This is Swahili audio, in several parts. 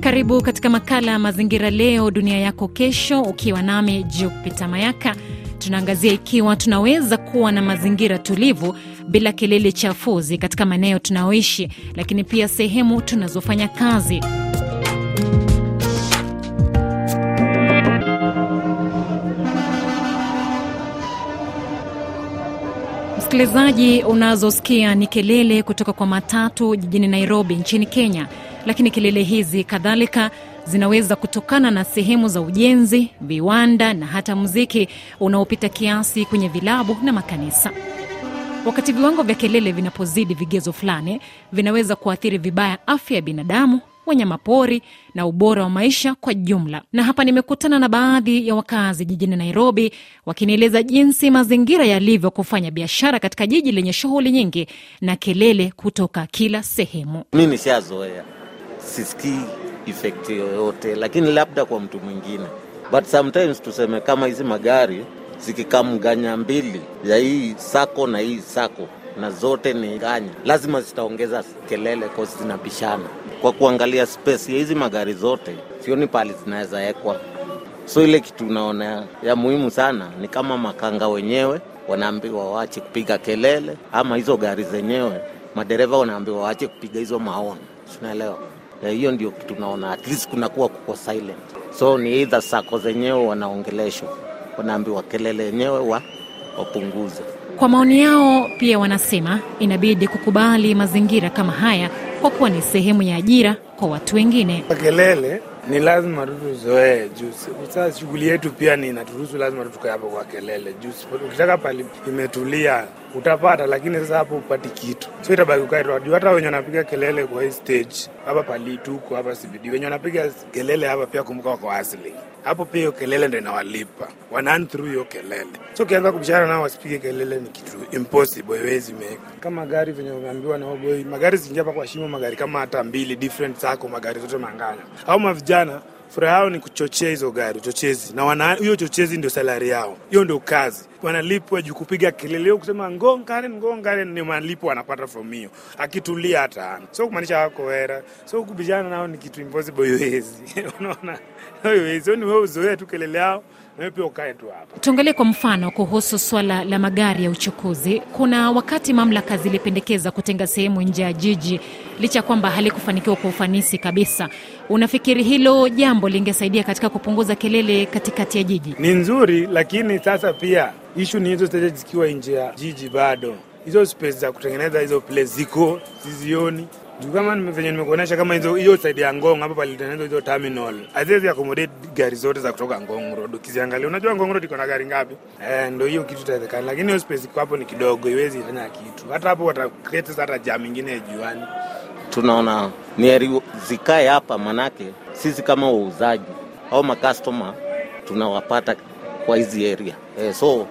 Karibu katika makala ya mazingira leo dunia yako kesho, ukiwa nami Jupita Mayaka. Tunaangazia ikiwa tunaweza kuwa na mazingira tulivu bila kelele chafuzi katika maeneo tunayoishi, lakini pia sehemu tunazofanya kazi. Msikilizaji, unazosikia ni kelele kutoka kwa matatu jijini Nairobi nchini Kenya, lakini kelele hizi kadhalika zinaweza kutokana na sehemu za ujenzi, viwanda na hata muziki unaopita kiasi kwenye vilabu na makanisa. Wakati viwango vya kelele vinapozidi vigezo fulani, vinaweza kuathiri vibaya afya ya binadamu wanyamapori na ubora wa maisha kwa jumla. Na hapa nimekutana na baadhi ya wakazi jijini Nairobi wakinieleza jinsi mazingira yalivyo kufanya biashara katika jiji lenye shughuli nyingi na kelele kutoka kila sehemu. mi nishazoea sisikii efekti yoyote, lakini labda kwa mtu mwingine, but sometimes tuseme kama hizi magari zikikamganya mbili ya hii sako na hii sako na zote ni ganya, lazima zitaongeza kelele kosi zinapishana kwa kuangalia space ya hizi magari zote, sioni pahali zinaweza wekwa. So ile kitu naona ya muhimu sana ni kama makanga wenyewe wanaambiwa waache kupiga kelele, ama hizo gari zenyewe madereva wanaambiwa waache kupiga hizo maono, sinaelewa hiyo ndio kitu naona, at least kunakuwa kuko silent. So ni either sako zenyewe wanaongeleshwa, wanaambiwa kelele yenyewe wa wapunguze. Kwa maoni yao pia wanasema inabidi kukubali mazingira kama haya kwa kuwa ni sehemu ya ajira kwa watu wengine. Kelele ni lazima tutuzoee juu sasa shughuli yetu pia ni inaturuhusu, lazima tutukae hapo kwa kelele juu ukitaka pali imetulia utapata, lakini sasa hapo upati kitu, so itabaki ukaitwa juu. Hata wenye wanapiga kelele kwa hii stage hapa palitu huko hapa CBD, wenye wanapiga kelele hapa pia kumbuka wako asili hapo pia hiyo kelele ndo inawalipa wanan through hiyo kelele, so ukianza kubishana nao wasipige kelele ni kitu impossible, iwezi meka Kama gari venye umeambiwa na boy, magari zingia hapa kwa shimo, magari kama hata mbili different sako, magari zote manganya au mavijana furaha yao ni kuchochea hizo gari uchochezi, na hiyo uchochezi ndio salari yao, hiyo ndio kazi wanalipwa juu kupiga kelele, kusema ngongare ngongare, ni malipo wanapata from hiyo. Akitulia hata ana so kumaanisha wako hera, so kubishana nao ni kitu impossible, yoezi unaona yoezi ni wewe uzoea tu kelele yao na pia ukae tu hapa. Tuangalie kwa mfano kuhusu swala la magari ya uchukuzi. Kuna wakati mamlaka zilipendekeza kutenga sehemu nje ya jiji, licha ya kwamba halikufanikiwa kwa ufanisi kabisa. Unafikiri hilo jambo lingesaidia katika kupunguza kelele katikati ya jiji? Ni nzuri, lakini sasa pia ishu ni hizo stage zikiwa nje ya jiji bado hizo space za kutengeneza hizo place ziko sizioni kama venye nimekuonyesha, kama hizo hiyo saidi ya Ngong hapa palitengenezwa hizo terminal haziwezi accommodate gari zote za kutoka Ngong Road. Ukiziangalia, unajua Ngong Road iko na gari ngapi? Eh, ndio hiyo kitu itawezekana, lakini hiyo space kwa hapo ni kidogo, iwezi fanya kitu. Hata hapo wata create hata jam nyingine juani. Tunaona ni zikae hapa, manake sisi kama wauzaji au makastoma tunawapata kwa hizi area eh, so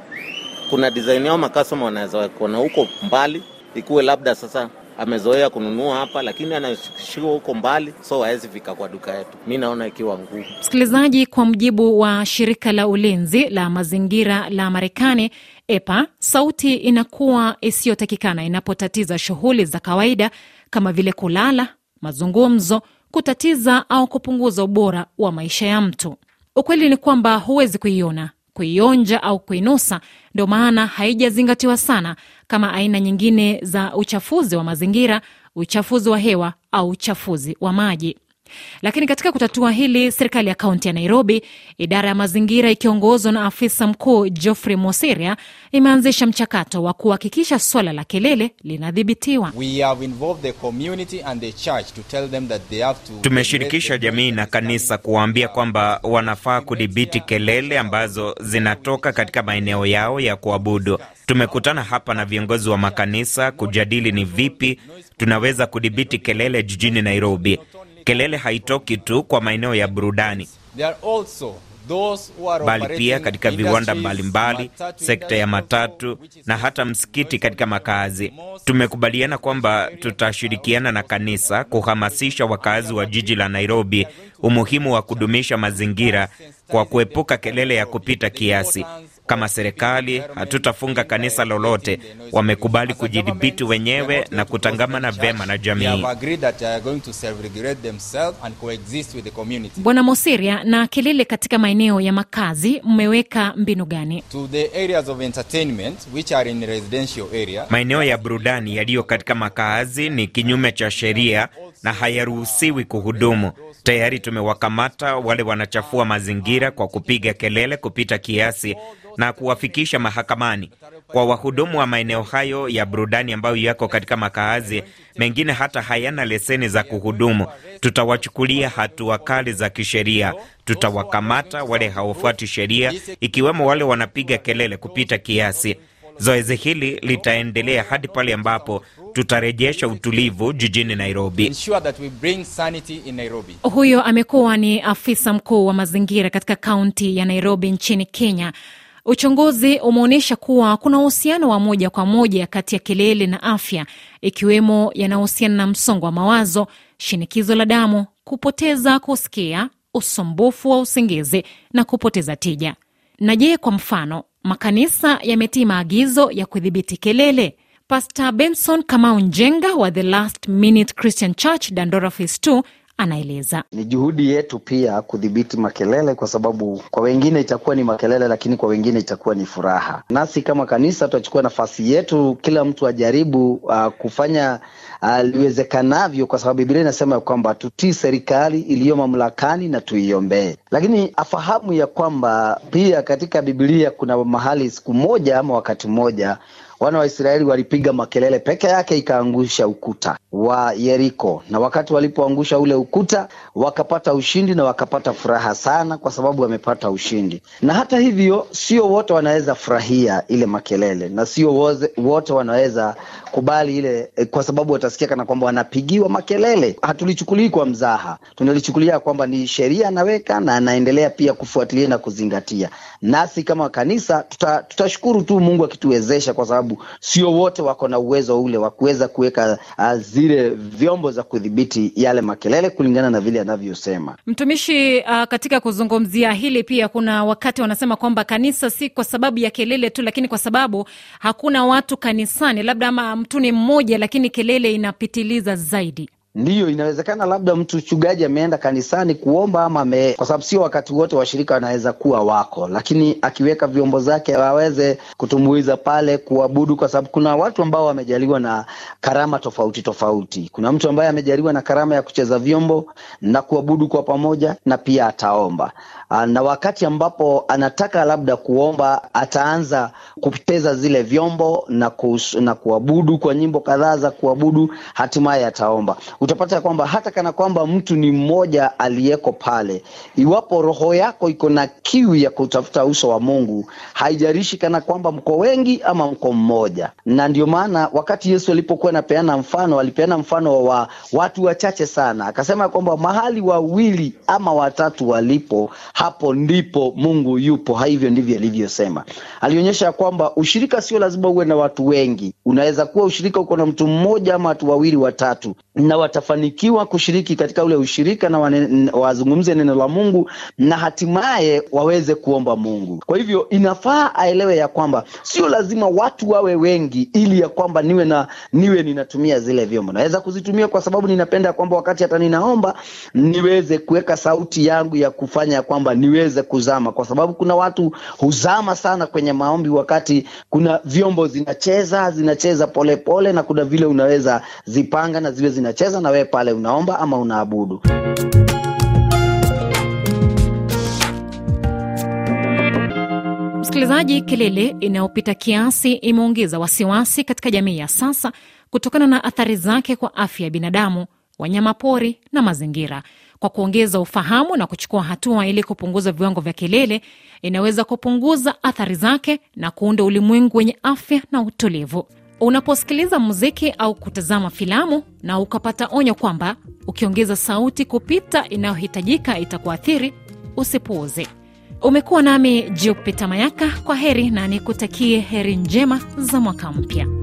kuna design yao makastoma wanaweza kuona huko mbali, ikuwe labda sasa amezoea kununua hapa, lakini anashiwa huko mbali, so hawezi fika kwa duka yetu. Mi naona ikiwa ngumu. Msikilizaji, kwa mjibu wa shirika la ulinzi la mazingira la Marekani EPA, sauti inakuwa isiyotakikana inapotatiza shughuli za kawaida kama vile kulala, mazungumzo, kutatiza au kupunguza ubora wa maisha ya mtu. Ukweli ni kwamba huwezi kuiona kuionja au kuinusa, ndio maana haijazingatiwa sana kama aina nyingine za uchafuzi wa mazingira, uchafuzi wa hewa au uchafuzi wa maji. Lakini katika kutatua hili, serikali ya kaunti ya Nairobi, idara ya mazingira ikiongozwa na afisa mkuu Geoffrey Mosiria, imeanzisha mchakato wa kuhakikisha swala la kelele linadhibitiwa. Tumeshirikisha jamii na kanisa kuwaambia kwamba wanafaa kudhibiti kelele ambazo zinatoka katika maeneo yao ya kuabudu. Tumekutana hapa na viongozi wa makanisa kujadili ni vipi tunaweza kudhibiti kelele jijini Nairobi. Kelele haitoki tu kwa maeneo ya burudani bali pia katika viwanda mbalimbali, sekta ya matatu na hata msikiti katika makazi. Tumekubaliana kwamba tutashirikiana na kanisa kuhamasisha wakazi wa jiji la Nairobi umuhimu wa kudumisha mazingira kwa kuepuka kelele ya kupita kiasi. Kama serikali hatutafunga kanisa lolote. Wamekubali kujidhibiti wenyewe na kutangamana vyema na jamii. Bwana Mosiria, na kelele katika maeneo ya makazi, mmeweka mbinu gani? Maeneo ya burudani yaliyo katika makaazi ni kinyume cha sheria na hayaruhusiwi kuhudumu. Tayari tumewakamata wale wanachafua mazingira kwa kupiga kelele kupita kiasi na kuwafikisha mahakamani. Kwa wahudumu wa maeneo hayo ya burudani ambayo yako katika makaazi mengine, hata hayana leseni za kuhudumu, tutawachukulia hatua kali za kisheria. Tutawakamata wale hawafuati sheria, ikiwemo wale wanapiga kelele kupita kiasi. Zoezi hili litaendelea hadi pale ambapo tutarejesha utulivu jijini Nairobi. Huyo amekuwa ni afisa mkuu wa mazingira katika kaunti ya Nairobi nchini Kenya. Uchunguzi umeonyesha kuwa kuna uhusiano wa moja kwa moja kati ya kelele na afya, ikiwemo yanayohusiana na msongo wa mawazo, shinikizo la damu, kupoteza kusikia, usumbufu wa usingizi na kupoteza tija. Na je, kwa mfano makanisa yametii maagizo ya kudhibiti kelele. Pastor Benson Kamau Njenga wa The Last Minute Christian Church Dandora Phase 2 anaeleza. Ni juhudi yetu pia kudhibiti makelele, kwa sababu kwa wengine itakuwa ni makelele, lakini kwa wengine itakuwa ni furaha. Nasi kama kanisa tutachukua nafasi yetu, kila mtu ajaribu uh, kufanya aliwezekanavyo, uh, kwa sababu Biblia inasema ya kwamba tutii serikali iliyo mamlakani na tuiombee, lakini afahamu ya kwamba pia katika Biblia kuna mahali siku moja ama wakati mmoja wana wa Israeli walipiga makelele peke yake, ikaangusha ukuta wa Yeriko. Na wakati walipoangusha ule ukuta, wakapata ushindi na wakapata furaha sana, kwa sababu wamepata ushindi. Na hata hivyo, sio wote wanaweza furahia ile makelele, na sio wote wanaweza kubali ile, eh, kwa sababu watasikia kana kwamba wanapigiwa makelele. Hatulichukulii kwa mzaha, tunalichukulia kwamba ni sheria anaweka na anaendelea pia kufuatilia na kuzingatia. Nasi kama kanisa tutashukuru tuta tu Mungu akituwezesha, kwa sababu sababu sio wote wako na uwezo ule wa kuweza kuweka ah, zile vyombo za kudhibiti yale makelele kulingana na vile anavyosema mtumishi. Uh, katika kuzungumzia hili pia kuna wakati wanasema kwamba kanisa si kwa sababu ya kelele tu, lakini kwa sababu hakuna watu kanisani, labda ama mtu ni mmoja, lakini kelele inapitiliza zaidi. Ndiyo, inawezekana labda mtu chugaji ameenda kanisani kuomba ama me, kwa sababu sio wakati wote washirika wanaweza kuwa wako, lakini akiweka vyombo zake waweze kutumbuiza pale kuabudu, kwa sababu kuna watu ambao wamejaliwa na karama tofauti tofauti. Kuna mtu ambaye amejaliwa na karama ya kucheza vyombo na kuabudu kwa pamoja, na pia ataomba, ah, na wakati ambapo anataka labda kuomba ataanza kucheza zile vyombo na, kus, na kuabudu kwa nyimbo kadhaa za kuabudu, hatimaye ataomba utapata ya kwamba hata kana kwamba mtu ni mmoja aliyeko pale, iwapo roho yako iko na kiu ya kutafuta uso wa Mungu, haijarishi kana kwamba mko wengi ama mko mmoja. Na ndio maana wakati Yesu alipokuwa anapeana mfano, alipeana mfano wa watu wachache sana, akasema kwamba mahali wawili ama watatu walipo, hapo ndipo Mungu yupo. Hivyo ndivyo alivyosema. Alionyesha kwamba ushirika sio lazima uwe na watu wengi, unaweza kuwa ushirika uko na mtu mmoja ama watu wawili watatu na watu watafanikiwa kushiriki katika ule ushirika na wane, wazungumze neno la Mungu na hatimaye waweze kuomba Mungu. Kwa hivyo inafaa aelewe ya kwamba sio lazima watu wawe wengi ili ya kwamba niwe na niwe ninatumia zile vyombo. Naweza kuzitumia kwa sababu ninapenda kwamba wakati hata ninaomba niweze kuweka sauti yangu ya kufanya ya kwamba niweze kuzama, kwa sababu kuna watu huzama sana kwenye maombi wakati kuna vyombo zinacheza zinacheza polepole pole, na kuna vile unaweza zipanga na ziwe zinacheza na wewe pale unaomba ama unaabudu msikilizaji kelele inayopita kiasi imeongeza wasiwasi katika jamii ya sasa kutokana na athari zake kwa afya ya binadamu wanyamapori na mazingira. Kwa kuongeza ufahamu na kuchukua hatua ili kupunguza viwango vya kelele, inaweza kupunguza athari zake na kuunda ulimwengu wenye afya na utulivu. Unaposikiliza muziki au kutazama filamu na ukapata onyo kwamba ukiongeza sauti kupita inayohitajika itakuathiri, usipuuze. Umekuwa nami Jupita Mayaka. Kwa heri na nikutakie heri njema za mwaka mpya.